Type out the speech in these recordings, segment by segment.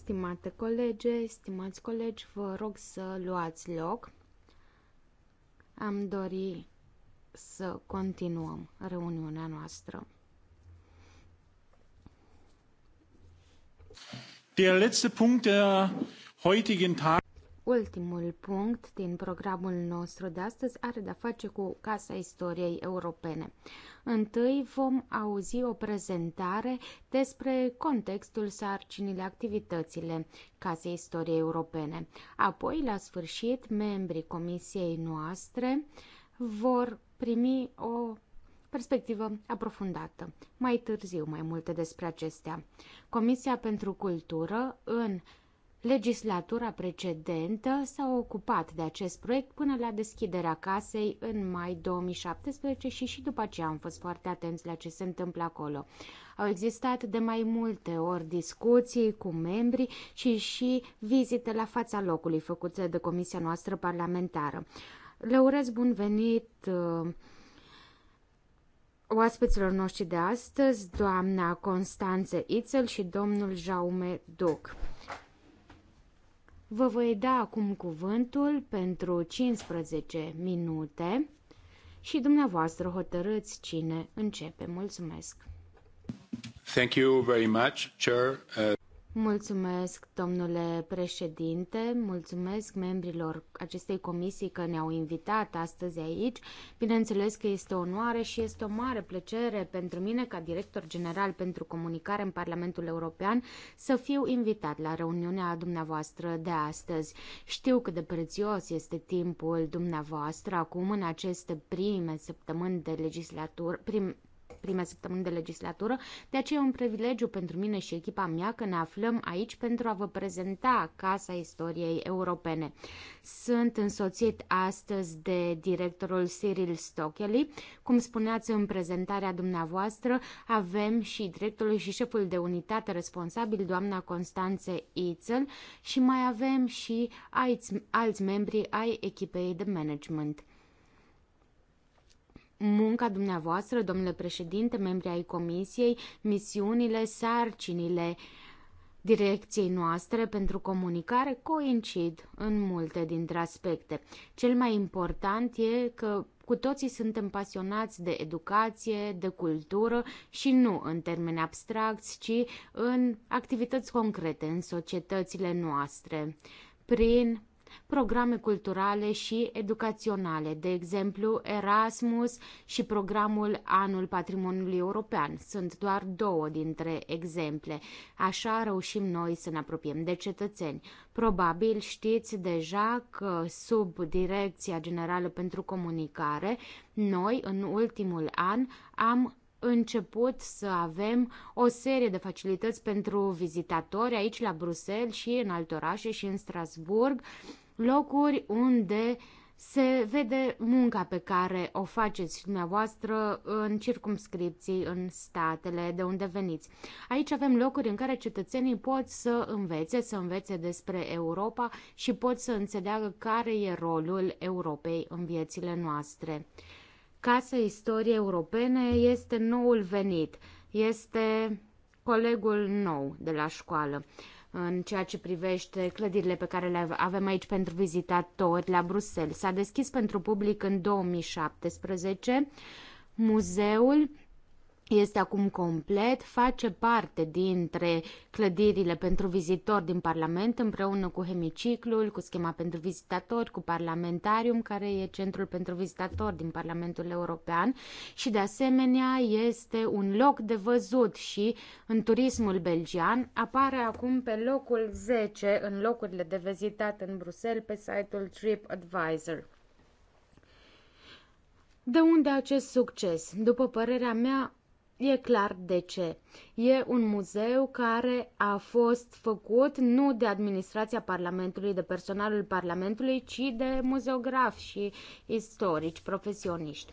Stimate colege, stimați colegi, vă rog să luați loc. Am dori să continuăm reuniunea noastră. Der letzte Punkt der heutigen Tag Ultimul punct din programul nostru de astăzi are de-a face cu Casa Istoriei Europene. Întâi vom auzi o prezentare despre contextul, sarcinile, activitățile Casei Istoriei Europene. Apoi, la sfârșit, membrii comisiei noastre vor primi o perspectivă aprofundată. Mai târziu mai multe despre acestea. Comisia pentru Cultură în Legislatura precedentă s-a ocupat de acest proiect până la deschiderea casei în mai 2017 și și după aceea am fost foarte atenți la ce se întâmplă acolo. Au existat de mai multe ori discuții cu membrii și și vizite la fața locului făcute de comisia noastră parlamentară. Le urez bun venit uh, oaspeților noștri de astăzi, doamna Constanță Itzel și domnul Jaume Duc. Vă voi da acum cuvântul pentru 15 minute și dumneavoastră hotărâți cine începe. Mulțumesc! Thank you very much, Chair. Uh... Mulțumesc, domnule președinte, mulțumesc membrilor acestei comisii că ne-au invitat astăzi aici. Bineînțeles că este o onoare și este o mare plăcere pentru mine, ca director general pentru comunicare în Parlamentul European, să fiu invitat la reuniunea dumneavoastră de astăzi. Știu cât de prețios este timpul dumneavoastră acum în aceste prime săptămâni de legislatură, prim, prime săptămâni de legislatură, de aceea e un privilegiu pentru mine și echipa mea că ne aflăm aici pentru a vă prezenta Casa Istoriei Europene. Sunt însoțit astăzi de directorul Cyril Stokely. Cum spuneați în prezentarea dumneavoastră, avem și directorul și șeful de unitate responsabil, doamna Constanțe Itzel, și mai avem și alți, alți membri ai echipei de management munca dumneavoastră, domnule președinte, membri ai comisiei, misiunile, sarcinile direcției noastre pentru comunicare coincid în multe dintre aspecte. Cel mai important e că cu toții suntem pasionați de educație, de cultură și nu în termeni abstracți, ci în activități concrete în societățile noastre, prin programe culturale și educaționale, de exemplu Erasmus și programul Anul Patrimoniului European. Sunt doar două dintre exemple. Așa reușim noi să ne apropiem de cetățeni. Probabil știți deja că sub Direcția Generală pentru Comunicare, noi în ultimul an am început să avem o serie de facilități pentru vizitatori aici la Bruxelles și în alte orașe și în Strasburg locuri unde se vede munca pe care o faceți dumneavoastră în circumscripții, în statele de unde veniți. Aici avem locuri în care cetățenii pot să învețe, să învețe despre Europa și pot să înțeleagă care e rolul Europei în viețile noastre. Casa Istoriei Europene este noul venit, este colegul nou de la școală în ceea ce privește clădirile pe care le avem aici pentru vizitatori la Bruxelles. S-a deschis pentru public în 2017 muzeul este acum complet, face parte dintre clădirile pentru vizitori din Parlament, împreună cu hemiciclul, cu schema pentru vizitatori, cu Parlamentarium, care e centrul pentru vizitatori din Parlamentul European și de asemenea este un loc de văzut și în turismul belgian apare acum pe locul 10 în locurile de vizitat în Bruxelles pe site-ul TripAdvisor. De unde acest succes? După părerea mea, E clar de ce. E un muzeu care a fost făcut nu de administrația Parlamentului, de personalul Parlamentului, ci de muzeografi și istorici, profesioniști.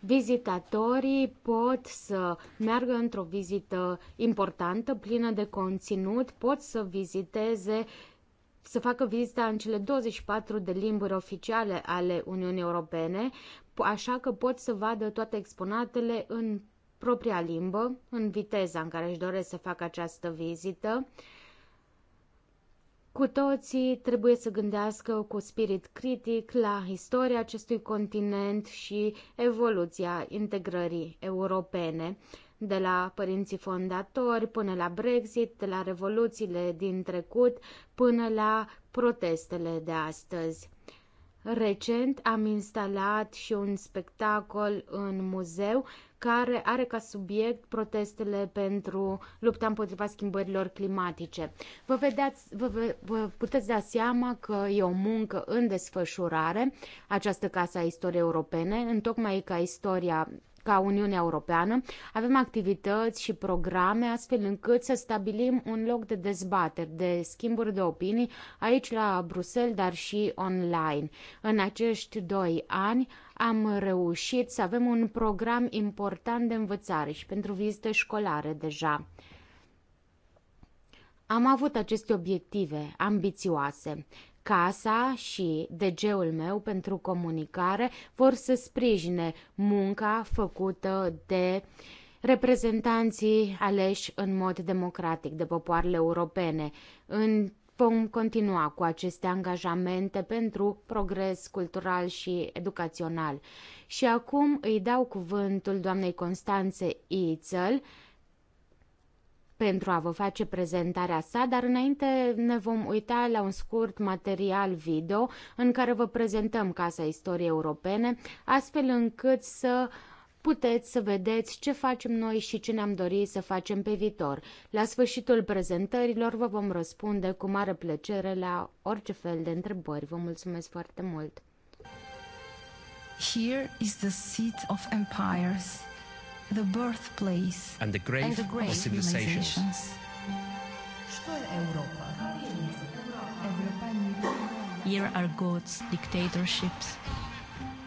Vizitatorii pot să meargă într-o vizită importantă, plină de conținut, pot să viziteze să facă vizita în cele 24 de limburi oficiale ale Uniunii Europene, așa că pot să vadă toate exponatele în propria limbă, în viteza în care își doresc să facă această vizită. Cu toții trebuie să gândească cu spirit critic la istoria acestui continent și evoluția integrării europene, de la părinții fondatori până la Brexit, de la revoluțiile din trecut până la protestele de astăzi. Recent am instalat și un spectacol în muzeu care are ca subiect protestele pentru lupta împotriva schimbărilor climatice. Vă, vedeați, vă, vă, puteți da seama că e o muncă în desfășurare, această Casa a Istoriei Europene, întocmai ca istoria ca Uniunea Europeană, avem activități și programe astfel încât să stabilim un loc de dezbateri, de schimburi de opinii aici la Bruxelles, dar și online. În acești doi ani am reușit să avem un program important de învățare și pentru vizite școlare deja. Am avut aceste obiective ambițioase. Casa și DG-ul meu pentru comunicare vor să sprijine munca făcută de reprezentanții aleși în mod democratic de popoarele europene în vom continua cu aceste angajamente pentru progres cultural și educațional. Și acum îi dau cuvântul doamnei Constanțe Ițăl, pentru a vă face prezentarea sa, dar înainte ne vom uita la un scurt material video în care vă prezentăm Casa Istoriei Europene, astfel încât să puteți să vedeți ce facem noi și ce ne-am dorit să facem pe viitor. La sfârșitul prezentărilor vă vom răspunde cu mare plăcere la orice fel de întrebări. Vă mulțumesc foarte mult! Here is the seat of empires the birthplace and the grave, and the grave of civilizations. civilizations. Here are gods, dictatorships,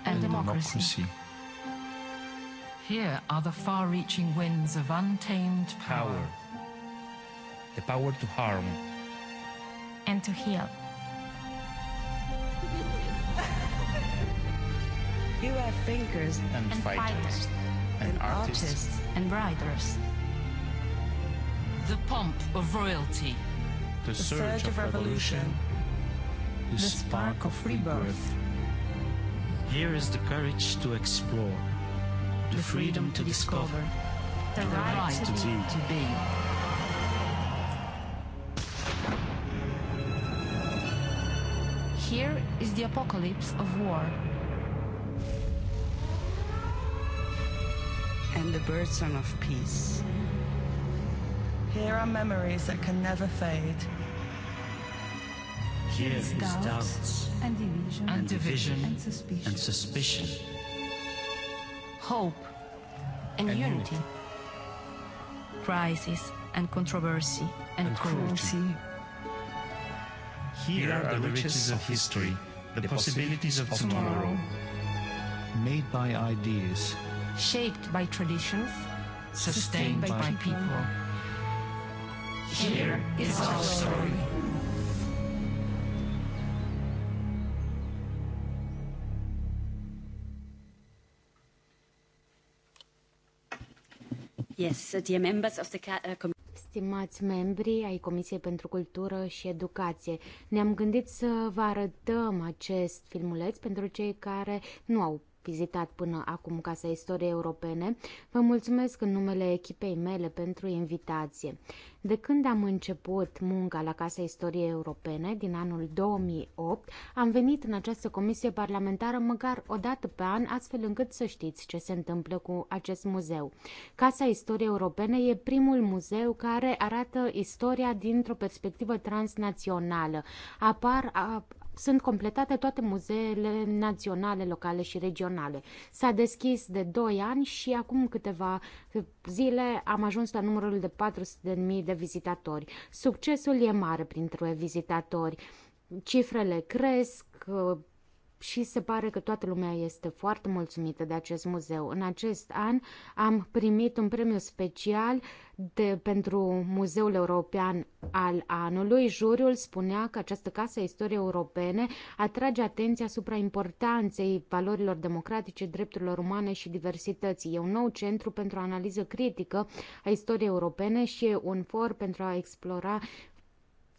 and, and democracy. democracy. Here are the far reaching winds of untamed power. power. The power to harm. And to heal. You are thinkers and, and fighters. fighters and, artists. and writers. The pomp of royalty. The, surge, of, revolution. The, spark, of rebirth. Here is the courage to explore. The, freedom, to discover. The, right, to be. Here is the apocalypse of war. and the bird song of peace. Here are memories that can never fade. Here is doubts, doubts and division, and, division and, suspicion. and suspicion. Hope and, and unity. Crisis and controversy and, and cruelty. cruelty. Here Here are the riches riches of history, the possibilities of tomorrow. tomorrow. Made by ideas shaped by traditions, sustained by, by people. Here is our story. Yes, dear members of the uh, Stimați membri ai Comisiei pentru Cultură și Educație, ne-am gândit să vă arătăm acest filmuleț pentru cei care nu au vizitat până acum Casa Istoriei Europene. Vă mulțumesc în numele echipei mele pentru invitație. De când am început munca la Casa Istoriei Europene, din anul 2008, am venit în această comisie parlamentară măcar o dată pe an, astfel încât să știți ce se întâmplă cu acest muzeu. Casa Istoriei Europene e primul muzeu care arată istoria dintr-o perspectivă transnațională. Apar, a, sunt completate toate muzeele naționale, locale și regionale. S-a deschis de 2 ani și acum câteva zile am ajuns la numărul de 400.000 de vizitatori. Succesul e mare printre vizitatori. Cifrele cresc, și se pare că toată lumea este foarte mulțumită de acest muzeu. În acest an am primit un premiu special de, pentru Muzeul European al anului. Juriul spunea că această casă a istoriei europene atrage atenția asupra importanței valorilor democratice, drepturilor umane și diversității. E un nou centru pentru analiză critică a istoriei europene și e un for pentru a explora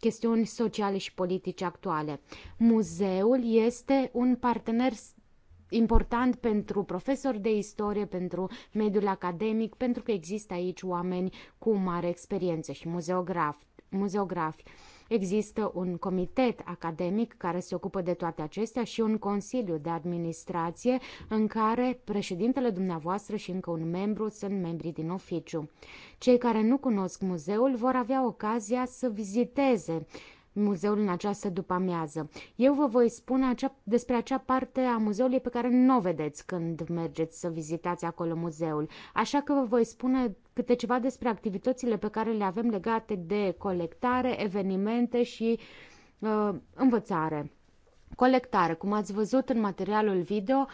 chestiuni sociale și politice actuale. Muzeul este un partener important pentru profesori de istorie, pentru mediul academic, pentru că există aici oameni cu mare experiență și muzeografi. muzeografi. Există un comitet academic care se ocupă de toate acestea și un consiliu de administrație în care președintele dumneavoastră și încă un membru sunt membri din oficiu. Cei care nu cunosc muzeul vor avea ocazia să viziteze muzeul în această după-amiază. Eu vă voi spune acea, despre acea parte a muzeului pe care nu o vedeți când mergeți să vizitați acolo muzeul, așa că vă voi spune câte ceva despre activitățile pe care le avem legate de colectare, evenimente și uh, învățare. Colectare, cum ați văzut în materialul video,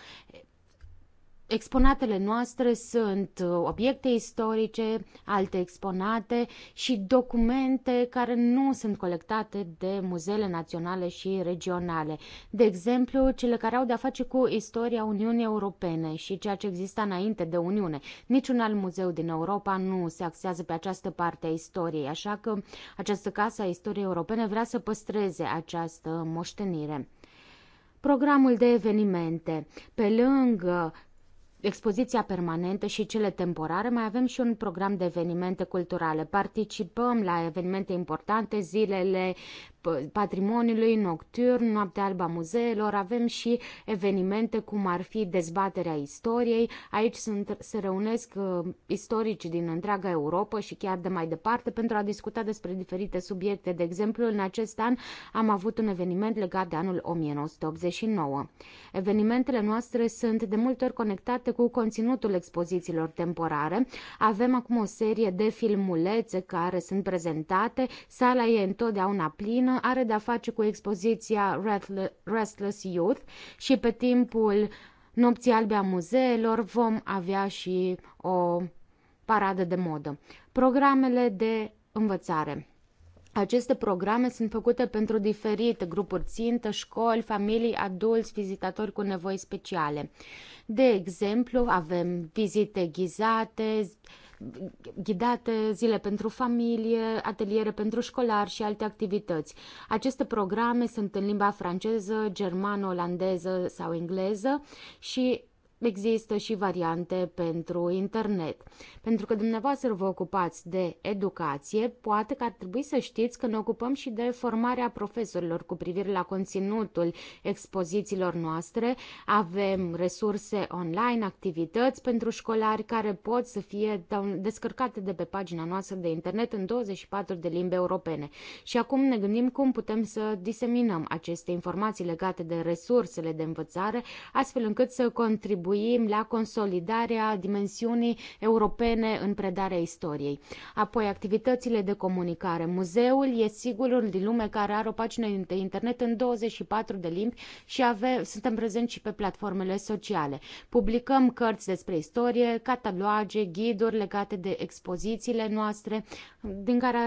Exponatele noastre sunt uh, obiecte istorice, alte exponate și documente care nu sunt colectate de muzeele naționale și regionale. De exemplu, cele care au de-a face cu istoria Uniunii Europene și ceea ce exista înainte de Uniune. Niciun alt muzeu din Europa nu se axează pe această parte a istoriei, așa că această casă a istoriei europene vrea să păstreze această moștenire programul de evenimente. Pe lângă expoziția permanentă și cele temporare, mai avem și un program de evenimente culturale. Participăm la evenimente importante, zilele patrimoniului nocturn, noaptea alba muzeelor, avem și evenimente cum ar fi dezbaterea istoriei. Aici sunt, se reunesc uh, istorici din întreaga Europa și chiar de mai departe pentru a discuta despre diferite subiecte. De exemplu, în acest an am avut un eveniment legat de anul 1989. Evenimentele noastre sunt de multe ori conectate cu conținutul expozițiilor temporare. Avem acum o serie de filmulețe care sunt prezentate, sala e întotdeauna plină, are de-a face cu expoziția Restless Youth și pe timpul Nopții Albe a Muzeelor vom avea și o paradă de modă. Programele de învățare. Aceste programe sunt făcute pentru diferite grupuri țintă, școli, familii, adulți, vizitatori cu nevoi speciale. De exemplu, avem vizite ghizate, ghidate, zile pentru familie, ateliere pentru școlari și alte activități. Aceste programe sunt în limba franceză, germană, olandeză sau engleză și există și variante pentru internet. Pentru că dumneavoastră vă ocupați de educație, poate că ar trebui să știți că ne ocupăm și de formarea profesorilor cu privire la conținutul expozițiilor noastre. Avem resurse online, activități pentru școlari care pot să fie descărcate de pe pagina noastră de internet în 24 de limbi europene. Și acum ne gândim cum putem să diseminăm aceste informații legate de resursele de învățare, astfel încât să contribuim contribuim la consolidarea dimensiunii europene în predarea istoriei. Apoi, activitățile de comunicare. Muzeul e sigurul din lume care are o pagină de internet în 24 de limbi și ave, suntem prezenți și pe platformele sociale. Publicăm cărți despre istorie, cataloage, ghiduri legate de expozițiile noastre, din care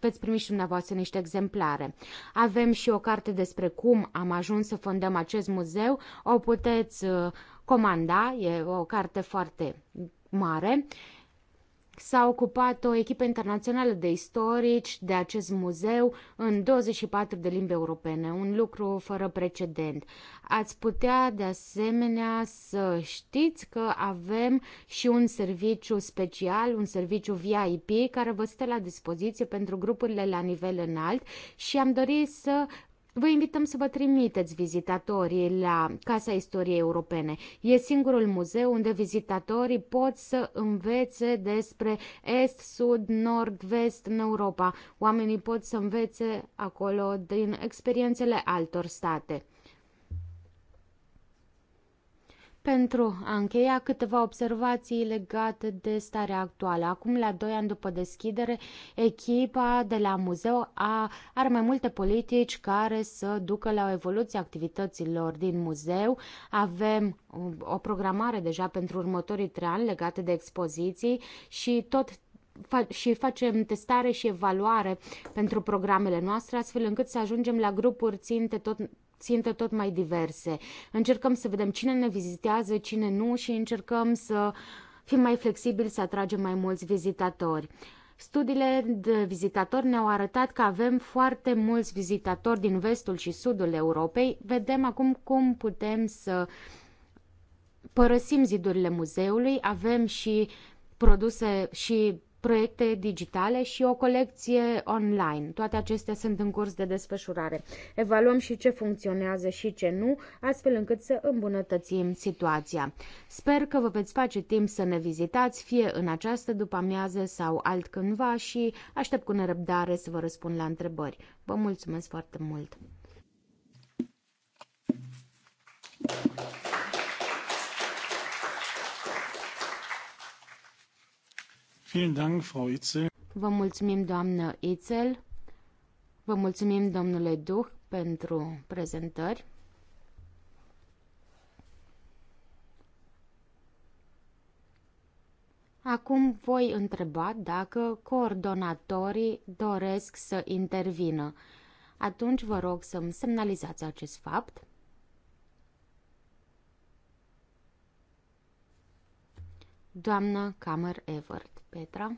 veți primi și dumneavoastră niște exemplare. Avem și o carte despre cum am ajuns să fondăm acest muzeu, o puteți uh, Comanda e o carte foarte mare. S-a ocupat o echipă internațională de istorici de acest muzeu în 24 de limbi europene, un lucru fără precedent. Ați putea de asemenea să știți că avem și un serviciu special, un serviciu VIP care vă stă la dispoziție pentru grupurile la nivel înalt și am dorit să Vă invităm să vă trimiteți vizitatorii la Casa Istoriei Europene. E singurul muzeu unde vizitatorii pot să învețe despre est, sud, nord, vest în Europa. Oamenii pot să învețe acolo din experiențele altor state. Pentru a încheia câteva observații legate de starea actuală. Acum, la doi ani după deschidere, echipa de la muzeu a, are mai multe politici care să ducă la o evoluție activităților din muzeu. Avem o programare deja pentru următorii trei ani legate de expoziții și tot și facem testare și evaluare pentru programele noastre, astfel încât să ajungem la grupuri ținte tot ținte tot mai diverse. Încercăm să vedem cine ne vizitează, cine nu și încercăm să fim mai flexibili, să atragem mai mulți vizitatori. Studiile de vizitatori ne-au arătat că avem foarte mulți vizitatori din vestul și sudul Europei. Vedem acum cum putem să părăsim zidurile muzeului. Avem și produse și proiecte digitale și o colecție online. Toate acestea sunt în curs de desfășurare. Evaluăm și ce funcționează și ce nu, astfel încât să îmbunătățim situația. Sper că vă veți face timp să ne vizitați, fie în această după-amiază sau altcândva și aștept cu nerăbdare să vă răspund la întrebări. Vă mulțumesc foarte mult! Thank you. Vă mulțumim, doamnă Itzel. Vă mulțumim, domnule Duh, pentru prezentări. Acum voi întreba dacă coordonatorii doresc să intervină. Atunci vă rog să-mi semnalizați acest fapt. Doamna Camer Evert, Petra.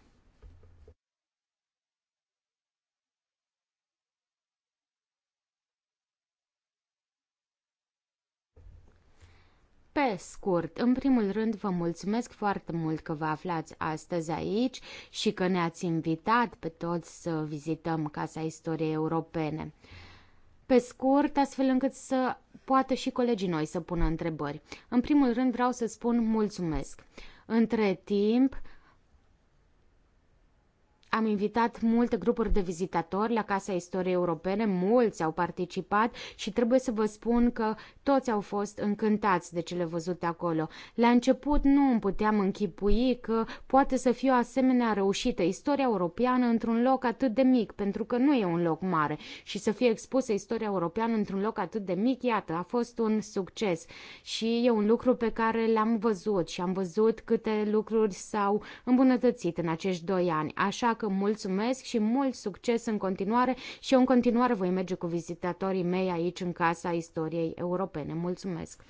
Pe scurt, în primul rând vă mulțumesc foarte mult că vă aflați astăzi aici și că ne-ați invitat pe toți să vizităm Casa Istoriei Europene. Pe scurt, astfel încât să poată și colegii noi să pună întrebări. În primul rând vreau să spun mulțumesc. Între timp, am invitat multe grupuri de vizitatori la Casa Istoriei Europene, mulți au participat și trebuie să vă spun că toți au fost încântați de cele văzute acolo. La început nu îmi puteam închipui că poate să fie o asemenea reușită istoria europeană într-un loc atât de mic, pentru că nu e un loc mare și să fie expusă istoria europeană într-un loc atât de mic, iată, a fost un succes și e un lucru pe care l-am văzut și am văzut câte lucruri s-au îmbunătățit în acești doi ani, așa că că mulțumesc și mult succes în continuare și eu în continuare voi merge cu vizitatorii mei aici în Casa Istoriei Europene. Mulțumesc!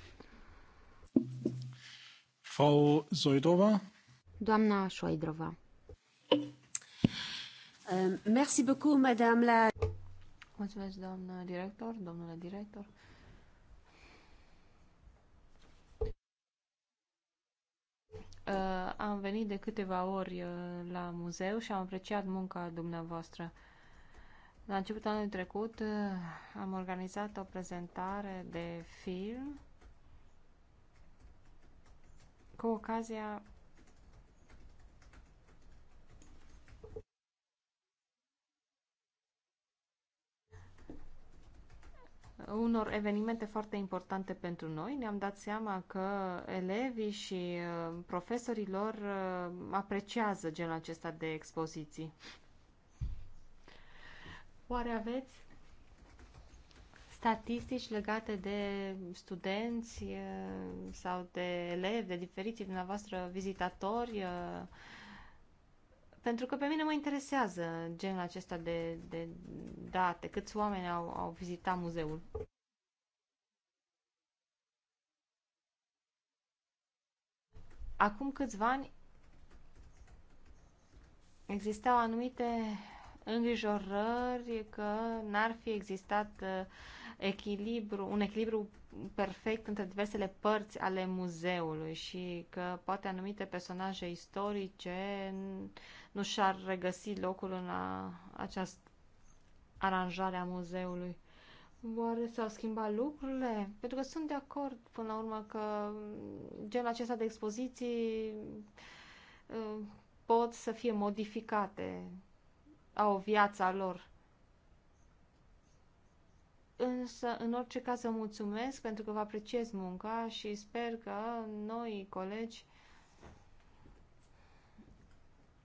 Frau Zoidova. Doamna Șoidrova. Euh, merci beaucoup, madame la... Mulțumesc, doamnă director, domnule director. Uh, am venit de câteva ori uh, la muzeu și am apreciat munca dumneavoastră. La începutul anului trecut uh, am organizat o prezentare de film cu ocazia unor evenimente foarte importante pentru noi. Ne-am dat seama că elevii și uh, profesorii lor uh, apreciază genul acesta de expoziții. Oare aveți statistici legate de studenți uh, sau de elevi, de diferiții dumneavoastră vizitatori? Pentru că pe mine mă interesează genul acesta de, de date, câți oameni au, au vizitat muzeul. Acum câțiva ani existau anumite îngrijorări că n-ar fi existat uh, echilibru, un echilibru perfect între diversele părți ale muzeului și că poate anumite personaje istorice nu și-ar regăsi locul în a, această aranjare a muzeului. Oare s-au schimbat lucrurile? Pentru că sunt de acord până la urmă că genul acesta de expoziții uh, pot să fie modificate, au viața lor. Însă, în orice caz, vă mulțumesc pentru că vă apreciez munca și sper că noi, colegi,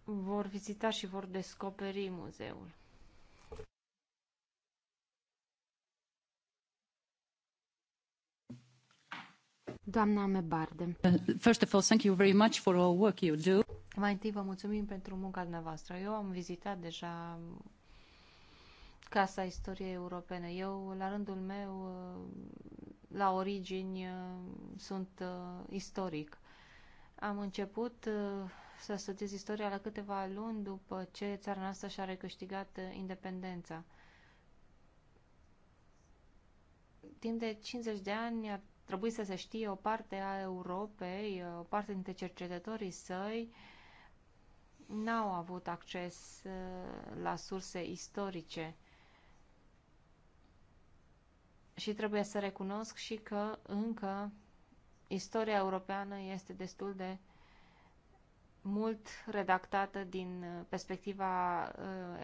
vor vizita și vor descoperi muzeul. Doamna Mebarde. First of all, thank you very much for all work you do. Mai întâi vă mulțumim pentru munca dumneavoastră. Eu am vizitat deja Casa Istoriei Europene. Eu, la rândul meu, uh, la origini, uh, sunt uh, istoric. Am început să studiez istoria la câteva luni după ce țara noastră și-a recâștigat independența. Timp de 50 de ani ar trebui să se știe o parte a Europei, o parte dintre cercetătorii săi n-au avut acces la surse istorice și trebuie să recunosc și că încă istoria europeană este destul de mult redactată din uh, perspectiva uh,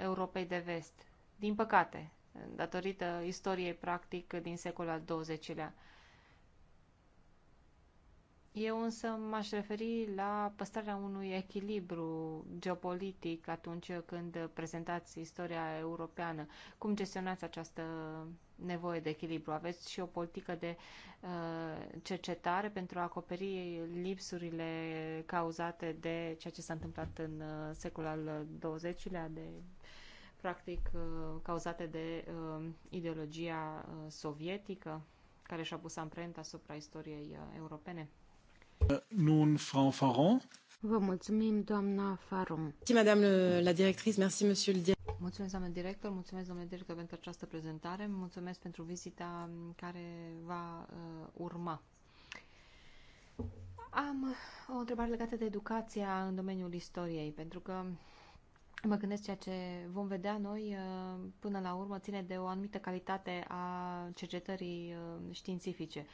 Europei de vest. Din păcate, datorită istoriei practic din secolul al XX-lea. Eu însă m-aș referi la păstrarea unui echilibru geopolitic atunci când prezentați istoria europeană. Cum gestionați această nevoie de echilibru. Aveți și o politică de uh, cercetare pentru a acoperi lipsurile cauzate de ceea ce s-a întâmplat în uh, secolul al XX-lea, de practic uh, cauzate de uh, ideologia uh, sovietică care și-a pus amprenta asupra istoriei uh, europene. Nun, Frau Faron. Vă mulțumim, doamna Farum. doamnă la directrice, merci, monsieur le directeur. Mulțumesc, doamnă director, mulțumesc, domnule director, pentru această prezentare, mulțumesc pentru vizita care va uh, urma. Am o întrebare legată de educația în domeniul istoriei, pentru că mă gândesc ceea ce vom vedea noi uh, până la urmă ține de o anumită calitate a cercetării uh, științifice.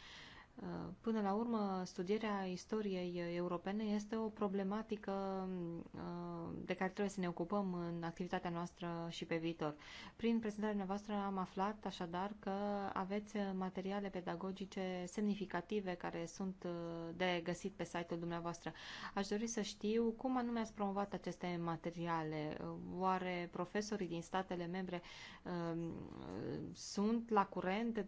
Până la urmă, studierea istoriei europene este o problematică uh, de care trebuie să ne ocupăm în activitatea noastră și pe viitor. Prin prezentarea noastră am aflat așadar că aveți materiale pedagogice semnificative care sunt uh, de găsit pe site-ul dumneavoastră. Aș dori să știu cum anume ați promovat aceste materiale. Oare profesorii din statele membre uh, sunt la curent de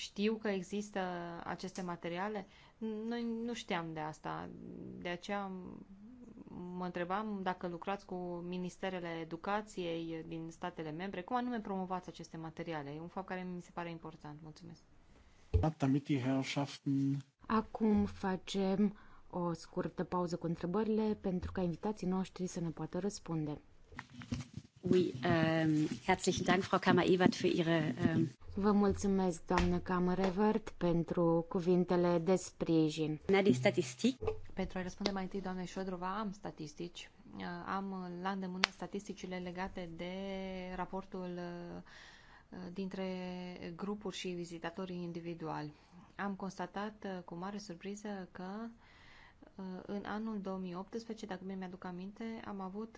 știu că există aceste materiale? Noi nu știam de asta, de aceea mă întrebam dacă lucrați cu ministerele educației din statele membre, cum anume promovați aceste materiale? E un fapt care mi se pare important. Mulțumesc. Acum facem o scurtă pauză cu întrebările pentru ca invitații noștri să ne poată răspunde. Euh, ähm, Vă mulțumesc, doamnă Camerevert, pentru cuvintele de sprijin. Pentru a răspunde mai întâi, doamne Șodrova, am statistici. Uh, am la îndemână statisticile legate de raportul uh, dintre grupuri și vizitatorii individuali. Am constatat uh, cu mare surpriză că uh, Uh, în anul 2018, dacă bine mi-aduc aminte, am avut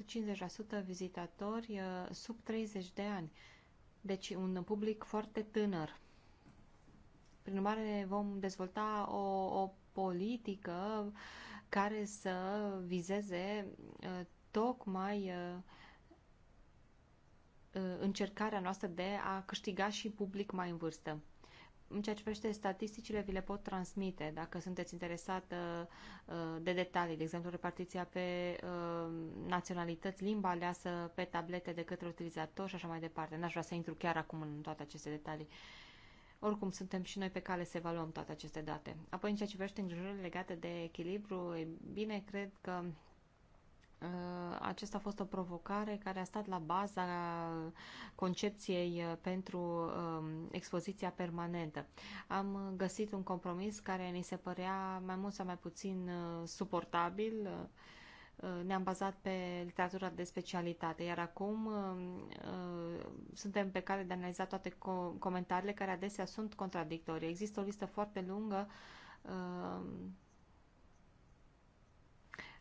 50% vizitatori uh, sub 30 de ani. Deci un public foarte tânăr. Prin urmare, vom dezvolta o, o politică care să vizeze uh, tocmai încercarea noastră de a câștiga și public mai în vârstă. În ceea ce privește statisticile, vi le pot transmite dacă sunteți interesat uh, de detalii, de exemplu repartiția pe uh, naționalități, limba aleasă pe tablete de către utilizator și așa mai departe. N-aș vrea să intru chiar acum în toate aceste detalii. Oricum, suntem și noi pe cale să evaluăm toate aceste date. Apoi, în ceea ce privește îngrijorările legate de echilibru, e bine, cred că Uh, acesta a fost o provocare care a stat la baza concepției uh, pentru um, expoziția permanentă. Am găsit un compromis care ni se părea mai mult sau mai puțin uh, suportabil ne-am bazat pe literatura de specialitate, iar acum suntem pe cale de a analiza toate comentariile care adesea sunt contradictorii. Există o listă foarte lungă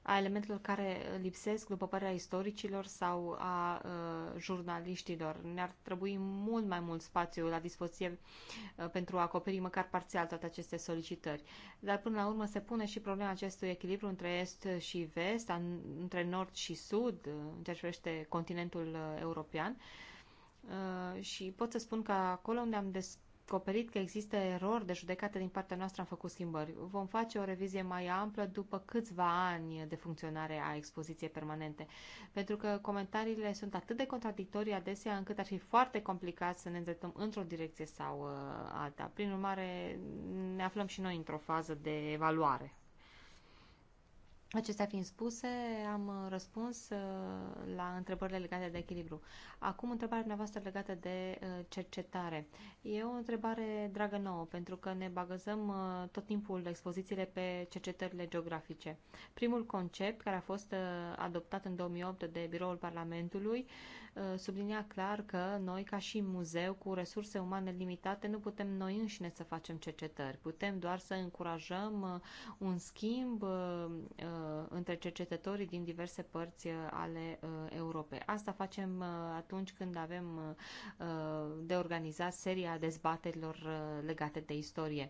a elementelor care lipsesc, după părerea istoricilor sau a uh, jurnaliștilor. Ne-ar trebui mult mai mult spațiu la dispoziție uh, pentru a acoperi măcar parțial toate aceste solicitări. Dar până la urmă se pune și problema acestui echilibru între est și vest, an, între nord și sud, în ceea ce privește continentul uh, european. Uh, și pot să spun că acolo unde am descoperit descoperit că există erori de judecată din partea noastră, am făcut schimbări. Vom face o revizie mai amplă după câțiva ani de funcționare a expoziției permanente, pentru că comentariile sunt atât de contradictorii adesea încât ar fi foarte complicat să ne îndreptăm într-o direcție sau uh, alta. Prin urmare, ne aflăm și noi într-o fază de evaluare. Acestea fiind spuse, am răspuns uh, la întrebările legate de echilibru. Acum, întrebarea dumneavoastră legată de uh, cercetare. E o întrebare dragă nouă, pentru că ne bagăzăm uh, tot timpul expozițiile pe cercetările geografice. Primul concept, care a fost adoptat în 2008 de Biroul Parlamentului, sublinia clar că noi, ca și muzeu cu resurse umane limitate, nu putem noi înșine să facem cercetări. Putem doar să încurajăm un schimb Uh, între cercetătorii din diverse părți uh, ale uh, Europei. Asta facem atunci când avem de organizat seria dezbaterilor legate de istorie.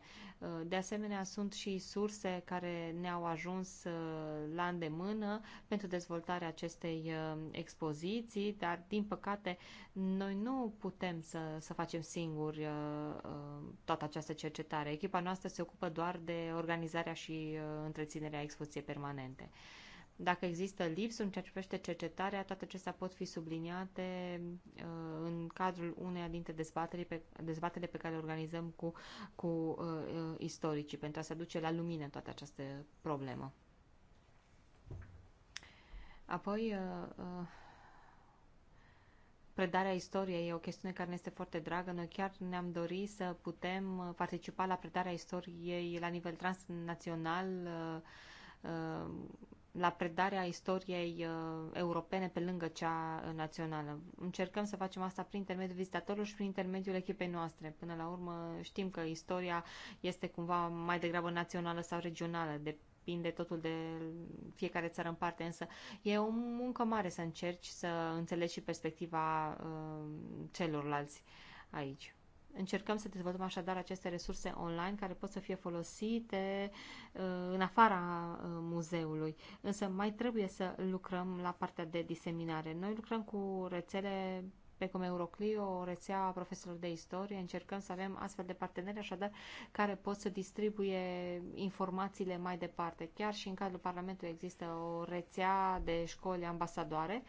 De asemenea, sunt și surse care ne-au ajuns la îndemână pentru dezvoltarea acestei expoziții, dar, din păcate, noi nu putem să, să facem singuri toată această cercetare. Echipa noastră se ocupă doar de organizarea și întreținerea expoziției permanente permanente. Dacă există lipsuri în ceea ce privește cercetarea, toate acestea pot fi subliniate uh, în cadrul uneia dintre dezbaterii pe, dezbaterile pe care le organizăm cu, cu uh, uh istoricii, pentru a se aduce la lumină toată această problemă. Apoi, uh, uh, predarea istoriei e o chestiune care ne este foarte dragă. Noi chiar ne-am dorit să putem uh, participa la predarea istoriei la nivel transnațional. Uh, Uh, la predarea istoriei uh, europene pe lângă cea națională. Încercăm să facem asta prin intermediul vizitatorilor și prin intermediul echipei noastre. Până la urmă știm că istoria este cumva mai degrabă națională sau regională, de depinde totul de fiecare țară în parte, însă e o muncă mare să încerci să înțelegi și perspectiva uh, celorlalți aici. Încercăm să dezvoltăm așadar aceste resurse online care pot să fie folosite uh, în afara uh, muzeului, însă mai trebuie să lucrăm la partea de diseminare. Noi lucrăm cu rețele precum Euroclio, o rețea a profesorilor de istorie. Încercăm să avem astfel de parteneri, așadar, care pot să distribuie informațiile mai departe. Chiar și în cadrul Parlamentului există o rețea de școli ambasadoare,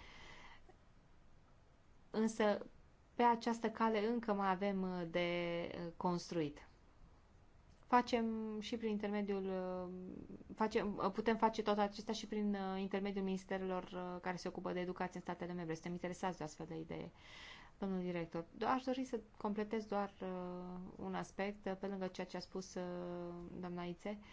însă pe această cale încă mai avem uh, de uh, construit. Facem și prin intermediul, uh, facem, putem face toate acestea și prin intermediul ministerelor care se ocupă de educație în statele membre. Suntem interesați de astfel de idee domnul director. Aș dori să completez doar uh, un aspect, pe lângă ceea ce a spus uh, doamna Ițe. Uh,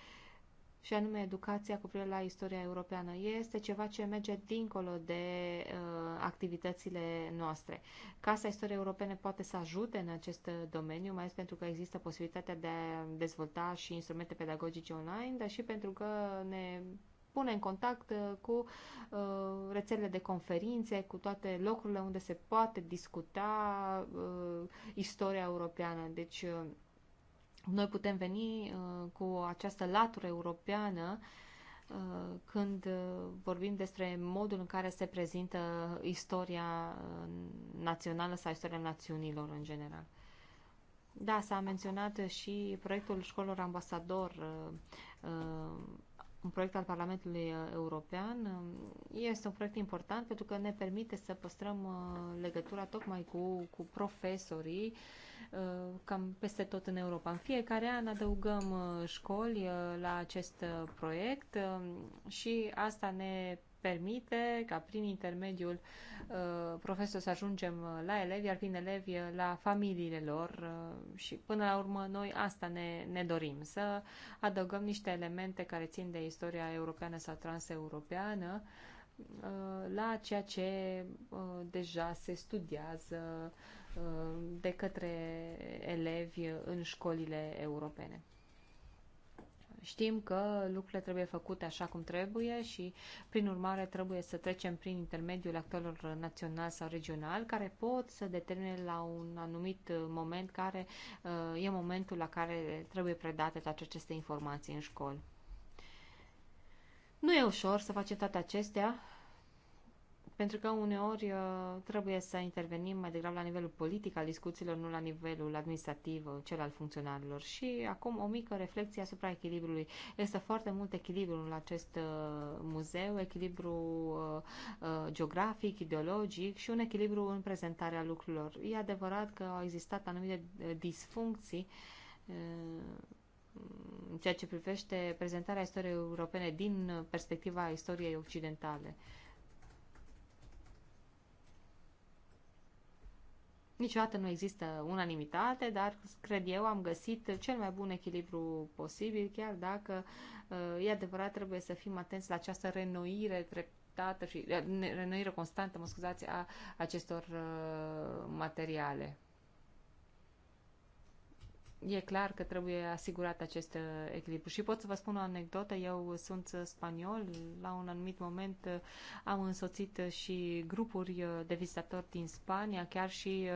și anume educația cu privire la istoria europeană. Este ceva ce merge dincolo de uh, activitățile noastre. Casa Istoriei Europene poate să ajute în acest domeniu, mai ales pentru că există posibilitatea de a dezvolta și instrumente pedagogice online, dar și pentru că ne pune în contact uh, cu uh, rețelele de conferințe, cu toate locurile unde se poate discuta uh, istoria europeană. Deci uh, noi putem veni uh, cu această latură europeană uh, când uh, vorbim despre modul în care se prezintă istoria națională sau istoria națiunilor în general. Da, s-a menționat și proiectul școlilor ambasador un proiect al Parlamentului uh, European. Um, este un proiect important pentru că ne permite să păstrăm uh, legătura tocmai cu, cu profesorii uh, cam peste tot în Europa. În fiecare an adăugăm școli la acest proiect um, și asta ne permite ca prin intermediul uh, profesor să ajungem la elevi, iar prin elevi la familiile lor uh, și până la urmă noi asta ne, ne dorim, să adăugăm niște elemente care țin de istoria europeană sau transeuropeană uh, la ceea ce deja se studiază de către elevi în școlile europene. Știm că lucrurile trebuie făcute așa cum trebuie și, prin urmare, trebuie să trecem prin intermediul actorilor național sau regional, care pot să determine la un anumit moment care uh, e momentul la care trebuie predate toate aceste informații în școli. Nu e ușor să facem toate acestea pentru că uneori uh, trebuie să intervenim mai degrabă la nivelul politic al discuțiilor, nu la nivelul administrativ, uh, cel al funcționarilor. Și acum o mică reflexie asupra echilibrului. Este foarte mult echilibru în acest uh, muzeu, echilibru geografic, ideologic și un echilibru în prezentarea lucrurilor. E adevărat că au existat anumite disfuncții în ceea ce privește prezentarea istoriei europene din perspectiva istoriei occidentale. Niciodată nu există unanimitate, dar cred eu am găsit cel mai bun echilibru posibil, chiar dacă uh, e adevărat trebuie să fim atenți la această renoire treptată și uh, renoire constantă, mă scuzați, a acestor uh, materiale e clar că trebuie asigurat acest uh, echilibru. Și pot să vă spun o anecdotă. Eu sunt uh, spaniol. La un anumit moment uh, am însoțit și grupuri de vizitatori din Spania, chiar și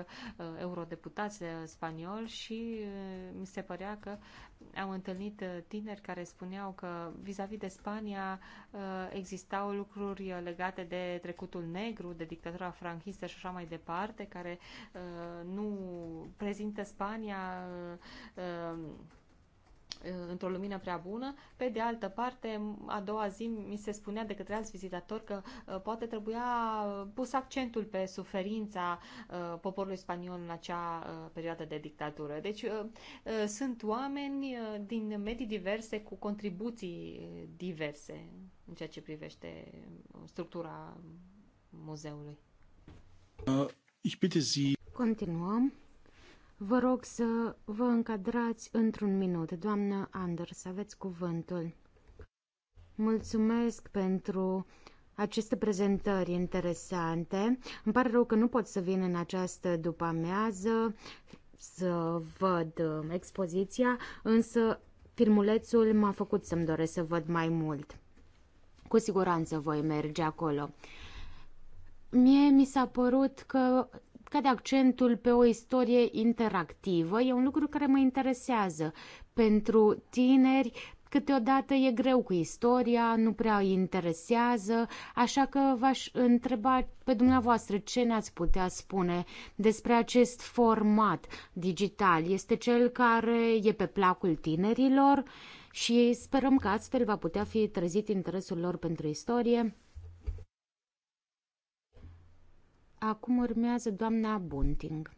eurodeputați spanioli și mi se părea că am întâlnit uh, tineri care spuneau că vis-a-vis -vis de Spania uh, existau lucruri uh, legate de trecutul negru, de dictatura franchistă și așa mai departe, care nu prezintă Spania Uh, într-o lumină prea bună. Pe de altă parte, a doua zi mi se spunea de către alți vizitatori că uh, poate trebuia uh, pus accentul pe suferința poporului spaniol în acea perioadă de dictatură. Deci sunt oameni din medii diverse cu contribuții diverse în ceea ce privește structura muzeului. Uh, ich bitte Sie... Continuăm. Vă rog să vă încadrați într-un minut. Doamnă Anders, aveți cuvântul. Mulțumesc pentru aceste prezentări interesante. Îmi pare rău că nu pot să vin în această după-amiază să văd um, expoziția, însă filmulețul m-a făcut să-mi doresc să văd mai mult. Cu siguranță voi merge acolo. Mie mi s-a părut că cade accentul pe o istorie interactivă. E un lucru care mă interesează. Pentru tineri, câteodată e greu cu istoria, nu prea îi interesează, așa că v-aș întreba pe dumneavoastră ce ne-ați putea spune despre acest format digital. Este cel care e pe placul tinerilor și sperăm că astfel va putea fi trezit interesul lor pentru istorie. Acum urmează doamna Bunting.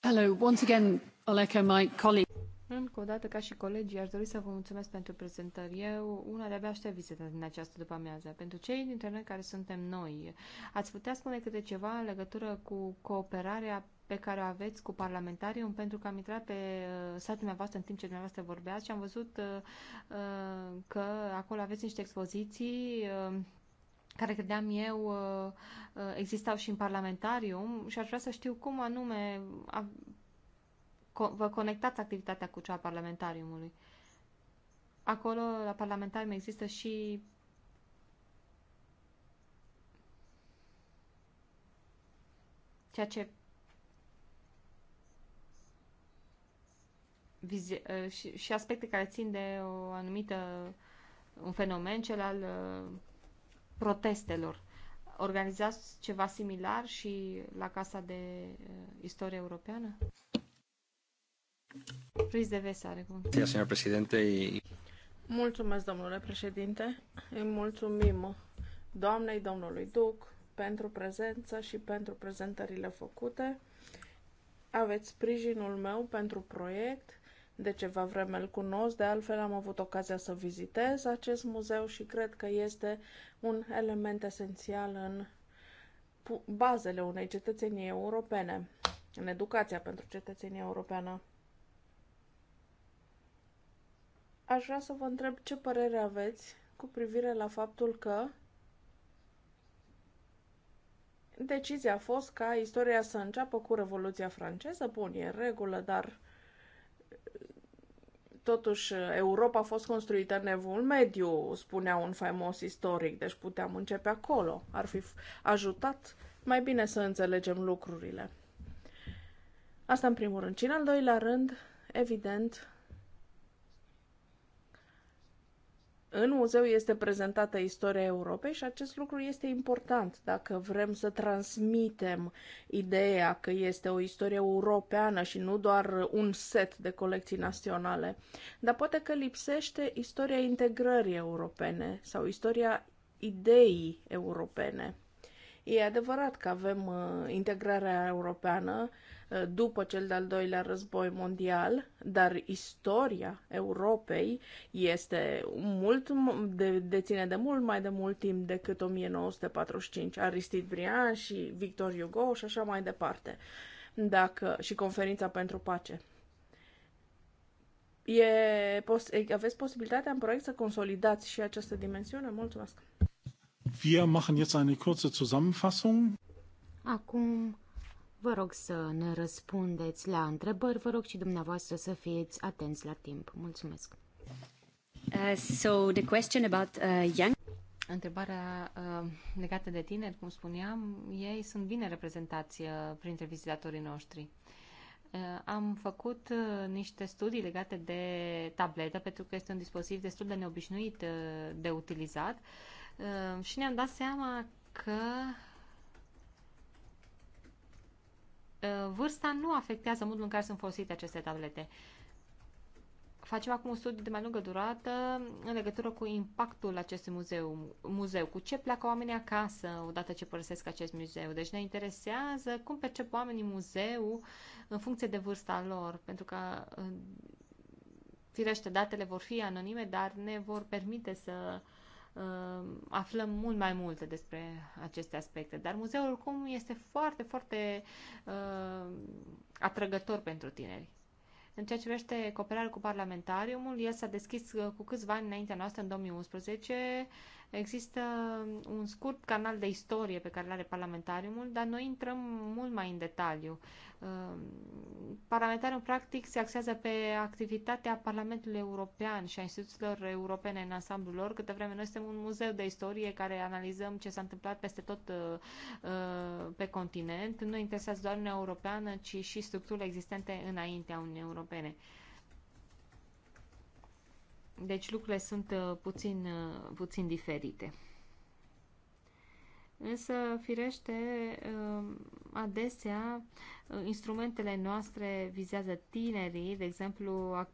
Hello, once again, I'll my colleague. Încă o dată, ca și colegii, aș dori să vă mulțumesc pentru prezentări. Eu una de-abia aștept vizită din această după amiază. Pentru cei dintre noi care suntem noi, ați putea spune câte ceva în legătură cu cooperarea pe care o aveți cu parlamentarii, pentru că am intrat pe uh, satul dumneavoastră în timp ce dumneavoastră vorbeați și am văzut uh, uh că acolo aveți niște expoziții uh, care credeam eu uh, uh, existau și în parlamentarium și aș vrea să știu cum anume vă conectați activitatea cu cea a parlamentariumului. Acolo, la parlamentarium, există și ceea ce uh, și aspecte care țin de o anumită un fenomen, cel al protestelor. Organizați ceva similar și la Casa de uh, Istorie Europeană? Pris de Vesa președinte. Mulțumesc, domnule președinte. Îi mulțumim doamnei, domnului Duc, pentru prezență și pentru prezentările făcute. Aveți sprijinul meu pentru proiect de ceva vreme îl cunosc, de altfel am avut ocazia să vizitez acest muzeu și cred că este un element esențial în bazele unei cetățenii europene, în educația pentru cetățenia europeană. Aș vrea să vă întreb ce părere aveți cu privire la faptul că decizia a fost ca istoria să înceapă cu Revoluția franceză. Bun, e în regulă, dar Totuși, Europa a fost construită în evul mediu, spunea un faimos istoric, deci puteam începe acolo. Ar fi ajutat mai bine să înțelegem lucrurile. Asta în primul rând. Și în al doilea rând, evident, În muzeu este prezentată istoria Europei și acest lucru este important dacă vrem să transmitem ideea că este o istorie europeană și nu doar un set de colecții naționale. Dar poate că lipsește istoria integrării europene sau istoria ideii europene. E adevărat că avem uh, integrarea europeană, după cel de-al doilea război mondial, dar istoria Europei este mult, de, deține de mult mai de mult timp decât 1945. Aristide Brian și Victor Hugo și așa mai departe. Dacă, și conferința pentru pace. E, pos, aveți posibilitatea în proiect să consolidați și această dimensiune? Mulțumesc! Wir machen jetzt eine kurze Zusammenfassung. Acum Vă rog să ne răspundeți la întrebări, vă rog și dumneavoastră să fiți atenți la timp. Mulțumesc. Uh, so the question about uh, young Întrebarea uh, legată de tineri, cum spuneam, ei sunt bine reprezentați uh, printre vizitatorii noștri. Uh, am făcut uh, niște studii legate de tabletă, pentru că este un dispozitiv destul de neobișnuit uh, de utilizat uh, și ne-am dat seama că uh, Uh, vârsta nu afectează modul în care sunt folosite aceste tablete. Facem acum un studiu de mai lungă durată în legătură cu impactul acestui muzeu, muzeu cu ce pleacă oamenii acasă odată ce părăsesc acest muzeu. Deci ne interesează cum percep oamenii muzeu în funcție de vârsta lor, pentru că uh, firește datele vor fi anonime, dar ne vor permite să uh, Ehm, aflăm mult mai multe despre aceste aspecte. Dar muzeul cum este foarte, foarte uh, atrăgător pentru tineri. În ceea ce privește cooperarea cu parlamentariumul, el s-a deschis uh, cu câțiva ani înaintea noastră, în 2011, Există un scurt canal de istorie pe care îl are parlamentariumul, dar noi intrăm mult mai în detaliu. Ehm, Parlamentariul, practic, se axează pe activitatea Parlamentului European și a instituțiilor europene în ansamblul lor, câte vreme noi suntem un muzeu de istorie care analizăm ce s-a întâmplat peste tot ehm, ehm, pe continent. Nu interesează doar Uniunea Europeană, ci și structurile existente înaintea Uniunii Europene. Deci lucrurile sunt uh, puțin, uh, puțin diferite. Însă, firește, um, adesea uh, instrumentele noastre vizează tinerii, de exemplu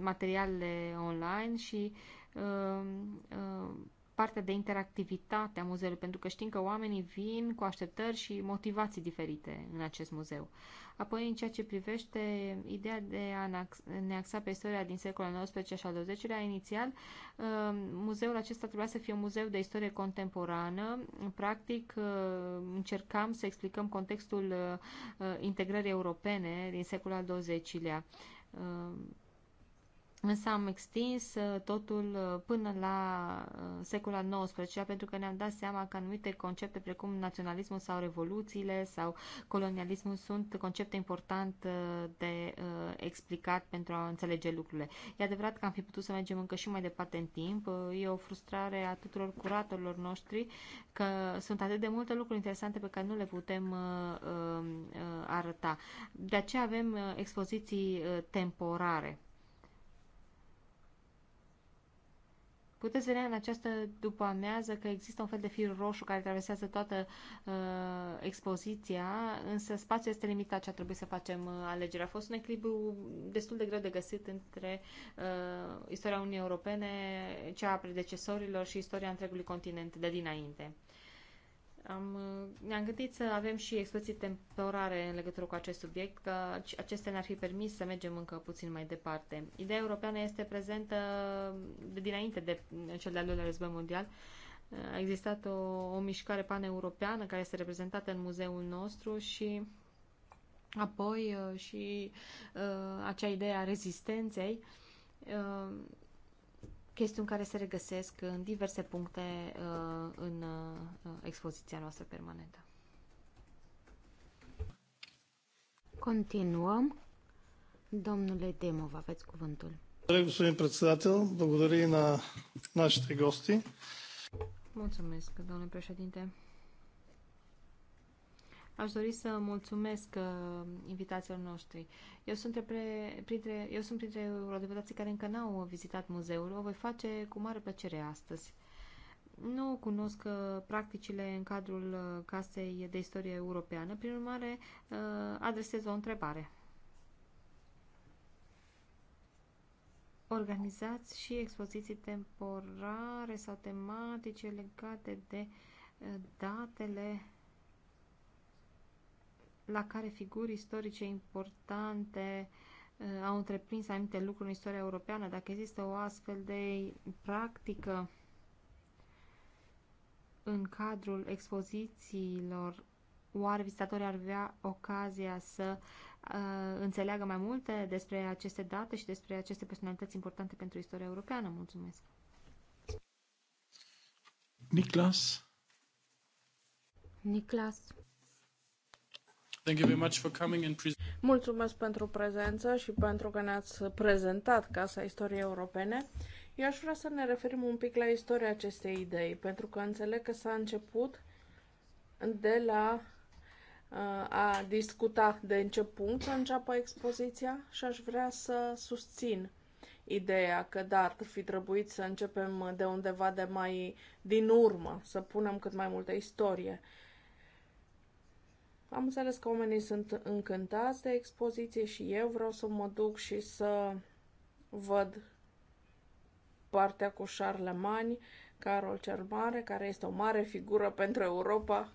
materialele online și um, um, partea de interactivitate a muzeului, pentru că știm că oamenii vin cu așteptări și motivații diferite în acest muzeu. Apoi, în ceea ce privește ideea de a ne axa pe istoria din secolul XIX și al XX-lea, inițial, uh, muzeul acesta trebuia să fie un muzeu de istorie contemporană. Practic, uh, încercam să explicăm contextul uh, integrării europene din secolul al XX-lea Însă am extins uh, totul uh, până la uh, secolul XIX, pentru că ne-am dat seama că anumite concepte precum naționalismul sau revoluțiile sau colonialismul sunt concepte important de explicat pentru a înțelege lucrurile. E adevărat că am fi putut să mergem încă și mai departe în timp. E o frustrare a tuturor curatorilor noștri că sunt atât de multe lucruri interesante pe care nu le putem arăta. De aceea avem expoziții temporare. Puteți vedea în această după-amiază că există un fel de fir roșu care traversează toată uh, expoziția, însă spațiul este limitat ce a trebuit să facem uh, alegerea. A fost un echilibru destul de greu de găsit între uh, istoria Uniunii Europene, cea a predecesorilor și istoria întregului continent de dinainte. Am, ne-am gândit să avem și expoziții temporare în legătură cu acest subiect, că acestea ne-ar fi permis să mergem încă puțin mai departe. Ideea europeană este prezentă de dinainte de cel de-al doilea război mondial. A existat o, o mișcare paneuropeană care este reprezentată în muzeul nostru și apoi uh, și uh, acea idee a rezistenței uh, chestiuni care se regăsesc în diverse puncte uh, în uh, uh, expoziția noastră permanentă. Continuăm. Domnule Demov, aveți cuvântul. Благодаря, господин Mulțumesc, domnule președinte. Aș dori să mulțumesc uh, invitațiilor noștri. Eu sunt pre, printre, eu sunt printre eurodeputații care încă n-au vizitat muzeul. O voi face cu mare plăcere astăzi. Nu cunosc uh, practicile în cadrul uh, Casei de Istorie Europeană, prin urmare adresez o întrebare. Organizați și expoziții temporare sau tematice legate de datele la care figuri istorice importante uh, au întreprins anumite lucruri în istoria europeană, dacă există o astfel de practică în cadrul expozițiilor, oare vizitatorii ar avea ocazia să uh, înțeleagă mai multe despre aceste date și despre aceste personalități importante pentru istoria europeană? Mulțumesc! Niklas? Niklas? Thank you very much for coming and Mulțumesc pentru prezență și pentru că ne-ați prezentat Casa Istoriei Europene. Eu aș vrea să ne referim un pic la istoria acestei idei, pentru că înțeleg că s-a început de la uh, a discuta de în ce punct să înceapă expoziția și aș vrea să susțin ideea că da, ar fi trebuit să începem de undeva de mai din urmă, să punem cât mai multă istorie am înțeles că oamenii sunt încântați de expoziție și eu vreau să mă duc și să văd partea cu Charlemagne, Carol cel Mare, care este o mare figură pentru Europa.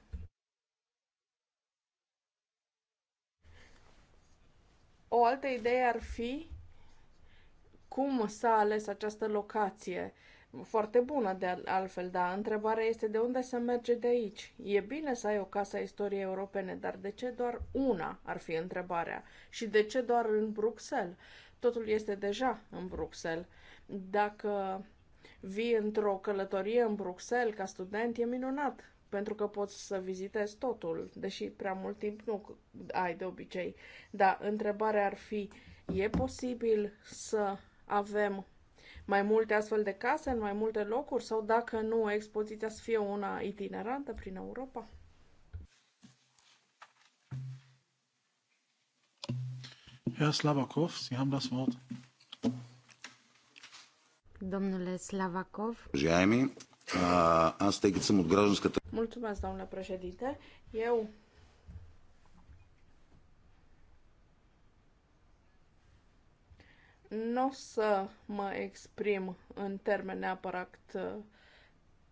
O altă idee ar fi cum s-a ales această locație foarte bună de altfel, da. Întrebarea este de unde se merge de aici. E bine să ai o casă a istoriei europene, dar de ce doar una ar fi întrebarea? Și de ce doar în Bruxelles? Totul este deja în Bruxelles. Dacă vii într-o călătorie în Bruxelles ca student, e minunat, pentru că poți să vizitezi totul, deși prea mult timp nu ai de obicei. Dar întrebarea ar fi, e posibil să avem mai multe astfel de case în mai multe locuri sau dacă nu, expoziția să fie una itinerantă prin Europa? Herr Slavakov, Sie haben das Wort. Domnule Slavakov. Jaime, uh, тъй като съм от Mulțumesc, domnule președinte. Eu nu o să mă exprim în termen neapărat uh,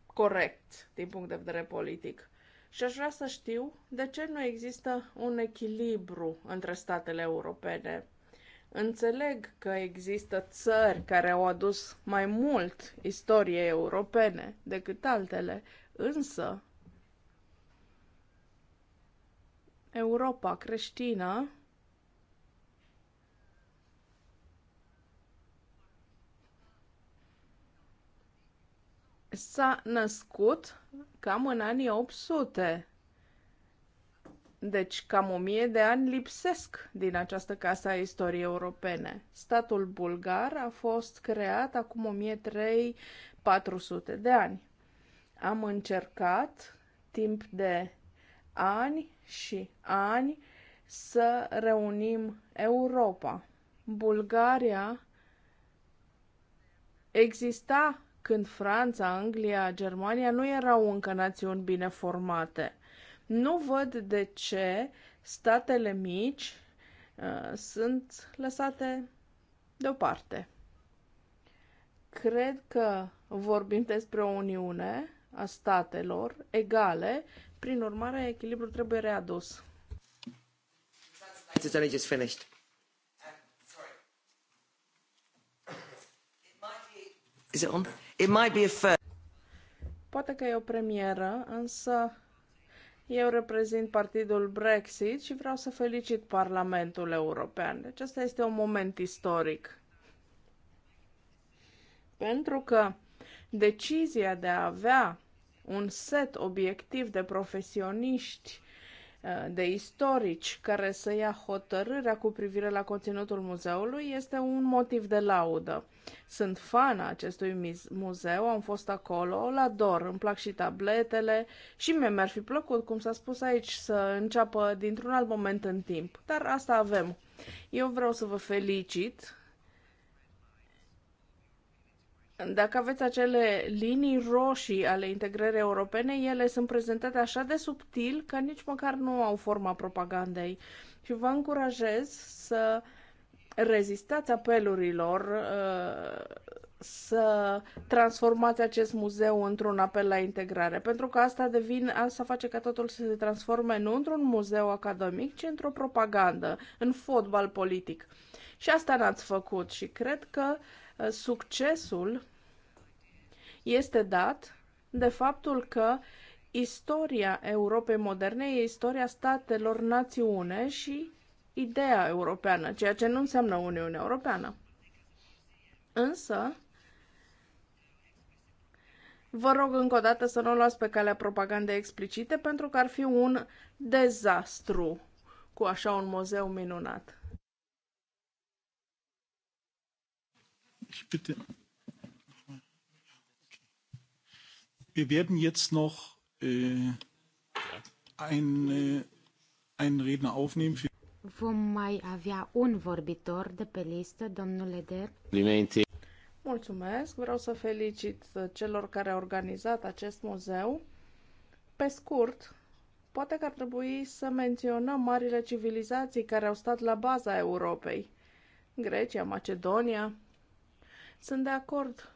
corect din punct de vedere politic. Și aș vrea să știu de ce nu există un echilibru între statele europene. Înțeleg că există țări care au adus mai mult istorie europene decât altele, însă Europa creștină s-a născut cam în anii 800. Deci cam o mie de ani lipsesc din această casă a istoriei europene. Statul bulgar a fost creat acum 1300 de ani. Am încercat timp de ani și ani să reunim Europa. Bulgaria exista când Franța, Anglia, Germania nu erau încă națiuni bine formate. Nu văd de ce statele mici uh, sunt lăsate deoparte. Cred că vorbim despre o uniune a statelor egale, prin urmare echilibrul trebuie readus. It's only just finished. Is it on? Poate că e o premieră, însă eu reprezint partidul Brexit și vreau să felicit Parlamentul European. Deci asta este un moment istoric. Pentru că decizia de a avea un set obiectiv de profesioniști Uh, de istorici care să ia hotărârea cu privire la conținutul muzeului este un motiv de laudă. Sunt fana acestui muzeu, am fost acolo, îl ador, îmi plac și tabletele și mie mi-ar fi plăcut, cum s-a spus aici, să înceapă dintr-un alt moment în timp. Dar asta avem. Eu vreau să vă felicit dacă aveți acele linii roșii ale integrării europene, ele sunt prezentate așa de subtil că nici măcar nu au forma propagandei. Și vă încurajez să rezistați apelurilor uh, să transformați acest muzeu într-un apel la integrare, pentru că asta devine, asta face ca totul să se transforme nu într-un muzeu academic, ci într-o propagandă, în fotbal politic. Și asta n-ați făcut și cred că uh, succesul este dat de faptul că istoria Europei moderne e istoria statelor națiune și ideea europeană, ceea ce nu înseamnă Uniunea Europeană. Însă, Vă rog încă o dată să nu o luați pe calea propagandei explicite, pentru că ar fi un dezastru cu așa un muzeu minunat. Wir werden jetzt noch äh, ein, äh, einen Redner aufnehmen. Für Vom mai avea un vorbitor de pe listă, domnule Der. Dimenții. Mulțumesc, vreau să felicit uh, celor care au organizat acest muzeu. Pe scurt, poate că ar trebui să menționăm marile civilizații care au stat la baza Europei. Grecia, Macedonia. Sunt de acord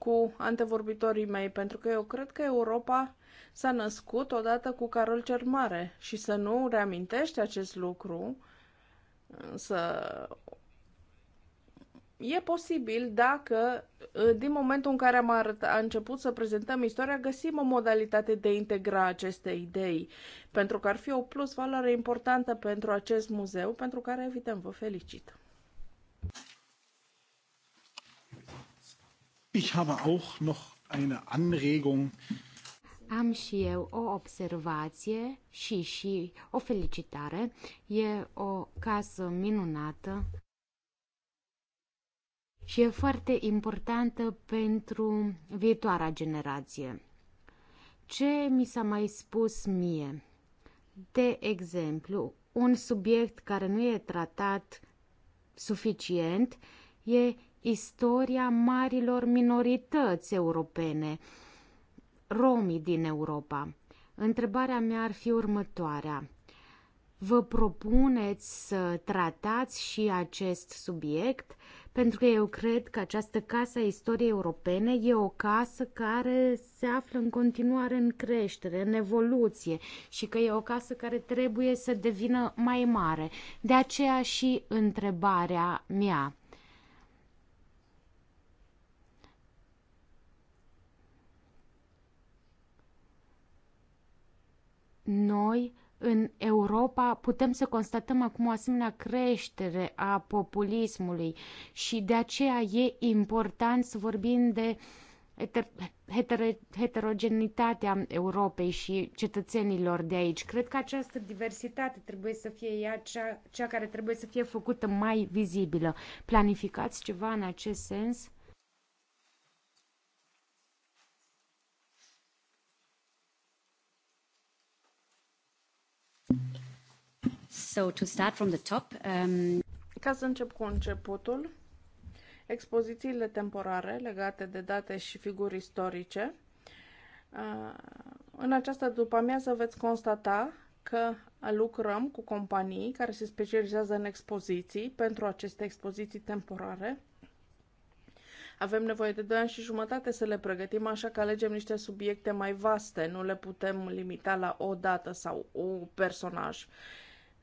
cu antevorbitorii mei, pentru că eu cred că Europa s-a născut odată cu Carol cel Mare și să nu reamintești acest lucru, să E posibil dacă, ă, din momentul în care am arăt, a început să prezentăm istoria, găsim o modalitate de a integra aceste idei, pentru că ar fi o plus valoare importantă pentru acest muzeu, pentru care, evident, vă felicit. Ich habe auch noch eine Anregung. Am și eu o observație și și o felicitare. E o casă minunată și e foarte importantă pentru viitoarea generație. Ce mi s-a mai spus mie? De exemplu, un subiect care nu e tratat suficient e istoria marilor minorități europene, romii din Europa. Întrebarea mea ar fi următoarea. Vă propuneți să tratați și acest subiect? Pentru că eu cred că această casă a istoriei europene e o casă care se află în continuare în creștere, în evoluție și că e o casă care trebuie să devină mai mare. De aceea și întrebarea mea Noi, în Europa, putem să constatăm acum o asemenea creștere a populismului și de aceea e important să vorbim de heter- heter- heterogenitatea Europei și cetățenilor de aici. Cred că această diversitate trebuie să fie ea cea, cea care trebuie să fie făcută mai vizibilă. Planificați ceva în acest sens? So to start from the top. Um... Ca să încep cu începutul, expozițiile temporare legate de date și figuri istorice. Uh, în această după-amiază veți constata că lucrăm cu companii care se specializează în expoziții pentru aceste expoziții temporare. Avem nevoie de 2 ani și jumătate să le pregătim, așa că alegem niște subiecte mai vaste, nu le putem limita la o dată sau un personaj.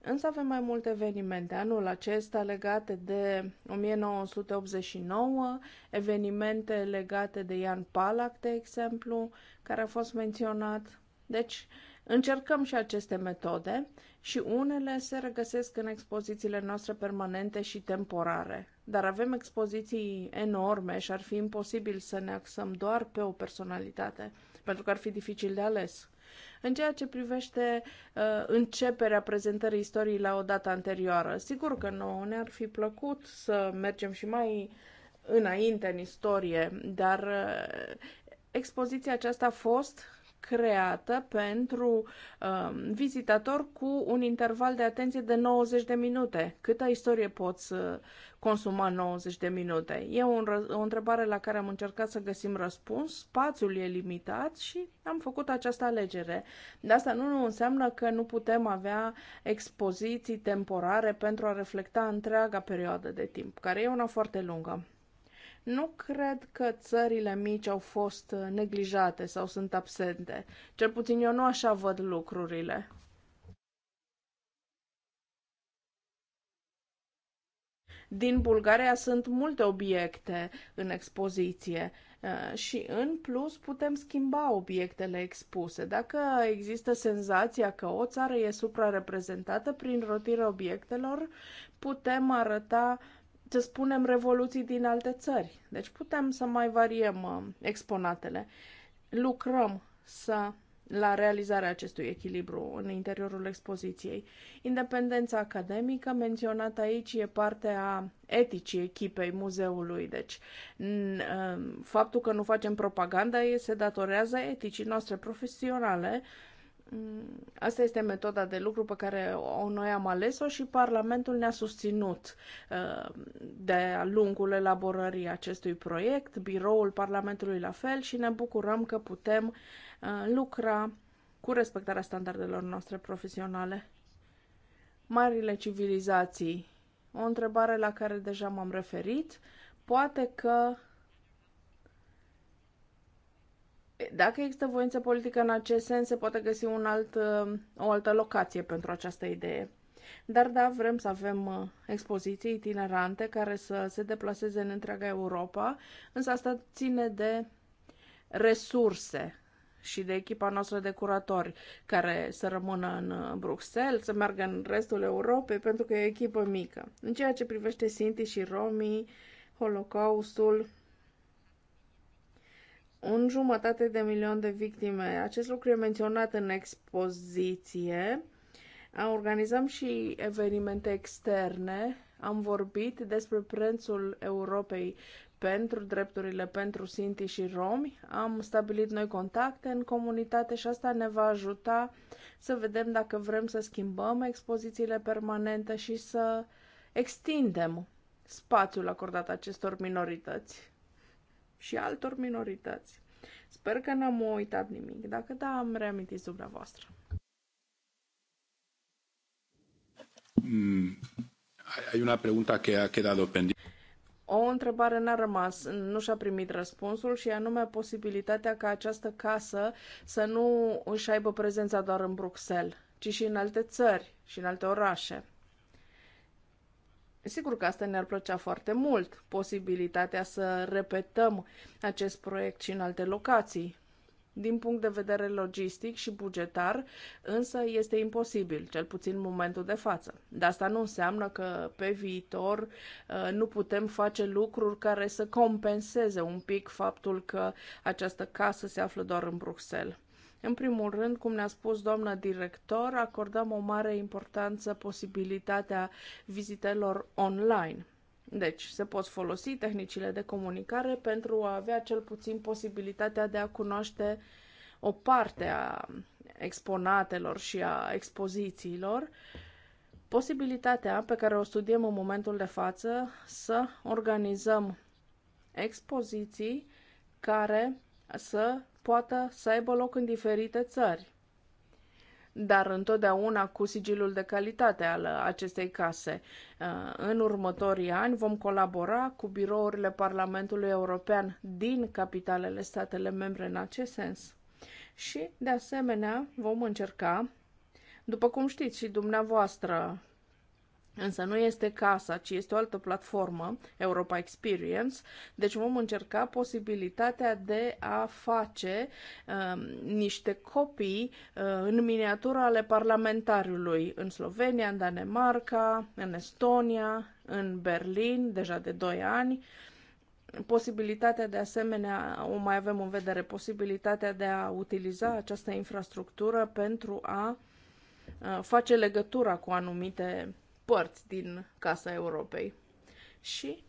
Însă avem mai multe evenimente. Anul acesta legate de 1989, evenimente legate de Ian Palac, de exemplu, care a fost menționat. Deci, încercăm și aceste metode și unele se regăsesc în expozițiile noastre permanente și temporare. Dar avem expoziții enorme și ar fi imposibil să ne axăm doar pe o personalitate, pentru că ar fi dificil de ales. În ceea ce privește uh, începerea prezentării istoriei la o dată anterioară, sigur că nouă ne-ar fi plăcut să mergem și mai înainte în istorie, dar uh, expoziția aceasta a fost creată pentru um, vizitator cu un interval de atenție de 90 de minute. Câtă istorie poți uh, consuma 90 de minute? E un, o întrebare la care am încercat să găsim răspuns. Spațiul e limitat și am făcut această alegere. De asta nu, nu înseamnă că nu putem avea expoziții temporare pentru a reflecta întreaga perioadă de timp, care e una foarte lungă. Nu cred că țările mici au fost uh, neglijate sau sunt absente. Cel puțin eu nu așa văd lucrurile. Din Bulgaria sunt multe obiecte în expoziție uh, și în plus putem schimba obiectele expuse. Dacă există senzația că o țară e suprareprezentată prin rotirea obiectelor, putem arăta uh, să spunem, revoluții din alte țări. Deci putem să mai variem uh, exponatele. Lucrăm să la realizarea acestui echilibru în interiorul expoziției. Independența academică menționată aici e parte a eticii echipei muzeului, deci uh, faptul că nu facem propaganda se datorează eticii noastre profesionale Mm, asta este metoda de lucru pe care o noi am ales-o și Parlamentul ne-a susținut uh, de-a lungul elaborării acestui proiect, biroul Parlamentului la fel și ne bucurăm că putem uh, lucra cu respectarea standardelor noastre profesionale. Marile civilizații. O întrebare la care deja m-am referit. Poate că Dacă există voință politică în acest sens, se poate găsi un alt, uh, o altă locație pentru această idee. Dar da, vrem să avem uh, expoziții itinerante care să se deplaseze în întreaga Europa, însă asta ține de resurse și de echipa noastră de curatori care să rămână în uh, Bruxelles, să meargă în restul Europei, pentru că e o echipă mică. În ceea ce privește Sinti și Romii, Holocaustul, un jumătate de milion de victime. Acest lucru e menționat în expoziție. Organizăm și evenimente externe. Am vorbit despre prețul Europei pentru drepturile pentru Sinti și Romi. Am stabilit noi contacte în comunitate și asta ne va ajuta să vedem dacă vrem să schimbăm expozițiile permanente și să extindem spațiul acordat acestor minorități și altor minorități. Sper că n-am uitat nimic. Dacă da, am reamintit dumneavoastră. Mm, una pregunta care a quedat pendiente. O întrebare n-a rămas, nu și-a primit răspunsul și anume posibilitatea ca această casă să nu își aibă prezența doar în Bruxelles, ci și în alte țări și în alte orașe. Sigur că asta ne-ar plăcea foarte mult, posibilitatea să repetăm acest proiect și în alte locații. Din punct de vedere logistic și bugetar, însă este imposibil, cel puțin în momentul de față. Dar asta nu înseamnă că pe viitor uh, nu putem face lucruri care să compenseze un pic faptul că această casă se află doar în Bruxelles. În primul rând, cum ne-a spus doamna director, acordăm o mare importanță posibilitatea vizitelor online. Deci, se pot folosi tehnicile de comunicare pentru a avea cel puțin posibilitatea de a cunoaște o parte a exponatelor și a expozițiilor, posibilitatea pe care o studiem în momentul de față să organizăm expoziții care să poată să aibă loc în diferite țări, dar întotdeauna cu sigilul de calitate al acestei case. Uh, în următorii ani vom colabora cu birourile Parlamentului European din capitalele statele membre în acest sens. Și, de asemenea, vom încerca, după cum știți și dumneavoastră, Însă nu este casa, ci este o altă platformă, Europa Experience, deci vom încerca posibilitatea de a face um, uh, niște copii uh, în miniatură ale parlamentariului în Slovenia, în Danemarca, în Estonia, în Berlin, deja de 2 ani. Posibilitatea de asemenea, o mai avem în vedere, posibilitatea de a utiliza această infrastructură pentru a uh, face legătura cu anumite părți din Casa Europei. Și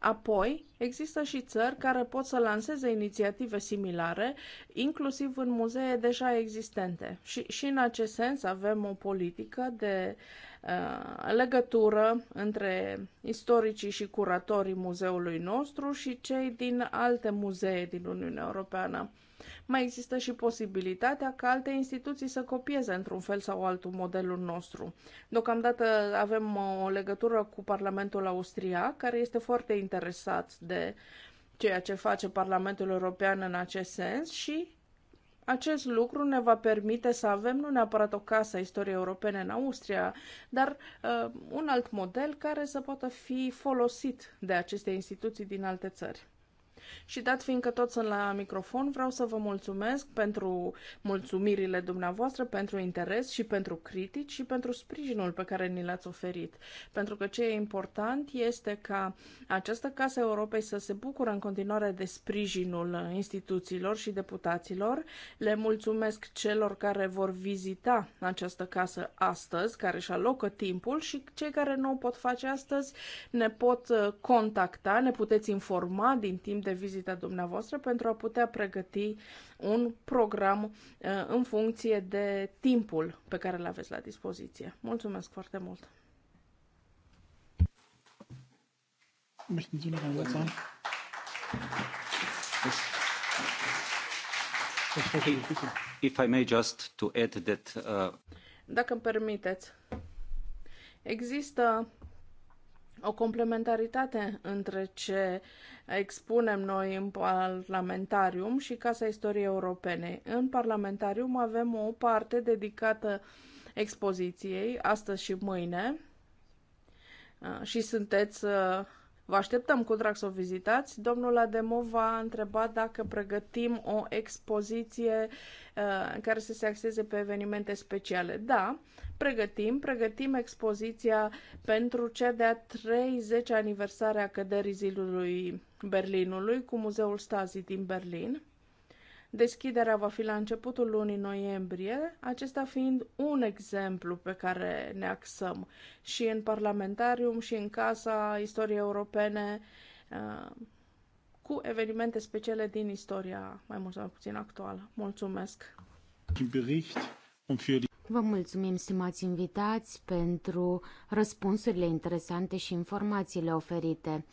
Apoi, există și țări care pot să lanseze inițiative similare, inclusiv în muzee deja existente. Și, și în acest sens avem o politică de uh, legătură între istoricii și curatorii muzeului nostru și cei din alte muzee din Uniunea Europeană. Mai există și posibilitatea ca alte instituții să copieze într-un fel sau altul modelul nostru. Deocamdată avem uh, o legătură cu Parlamentul Austria, care este foarte interesat de ceea ce face Parlamentul European în acest sens și acest lucru ne va permite să avem nu neapărat o casă a istoriei europene în Austria, dar uh, un alt model care să poată fi folosit de aceste instituții din alte țări. Și dat fiindcă toți sunt la microfon, vreau să vă mulțumesc pentru mulțumirile dumneavoastră, pentru interes și pentru critici și pentru sprijinul pe care ni l-ați oferit. Pentru că ce e important este ca această Casă Europei să se bucură în continuare de sprijinul instituțiilor și deputaților. Le mulțumesc celor care vor vizita această casă astăzi, care își alocă timpul și cei care nu o pot face astăzi ne pot uh, contacta, ne puteți informa din timp de de vizita dumneavoastră pentru a putea pregăti un program uh, în funcție de timpul pe care îl aveți la dispoziție. Mulțumesc foarte mult! If I may just to add that, uh... Dacă îmi permiteți, există o complementaritate între ce expunem noi în Parlamentarium și Casa Istoriei Europene. În Parlamentarium avem o parte dedicată expoziției, astăzi și mâine, și sunteți Vă așteptăm cu drag să o vizitați. Domnul Ademov va întreba dacă pregătim o expoziție uh, în care să se axeze pe evenimente speciale. Da, pregătim, pregătim expoziția pentru cea de-a 30 aniversare a căderii zilului Berlinului cu Muzeul Stasi din Berlin. Deschiderea va fi la începutul lunii noiembrie, acesta fiind un exemplu pe care ne axăm și în Parlamentarium și în Casa Istoriei Europene uh, cu evenimente speciale din istoria mai mult sau mai puțin actuală. Mulțumesc! Vă mulțumim, stimați invitați, pentru răspunsurile interesante și informațiile oferite.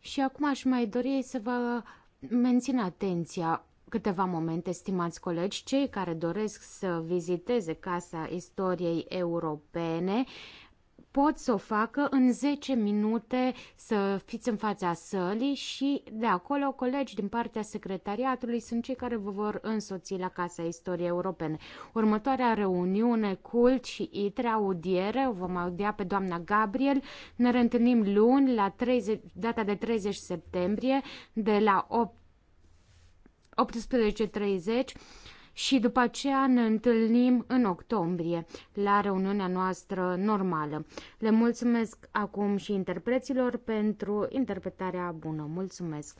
Și acum aș mai dori să vă mențin atenția câteva momente, stimați colegi, cei care doresc să viziteze Casa Istoriei Europene pot să o facă în 10 minute să fiți în fața sălii și de acolo colegi din partea secretariatului sunt cei care vă vor însoți la Casa Istoriei Europene. Următoarea reuniune, cult și itre, audiere, o vom audia pe doamna Gabriel. Ne reîntâlnim luni la 30, data de 30 septembrie de la 8 18.30 și după aceea ne întâlnim în octombrie la reuniunea noastră normală. Le mulțumesc acum și interpreților pentru interpretarea bună. Mulțumesc!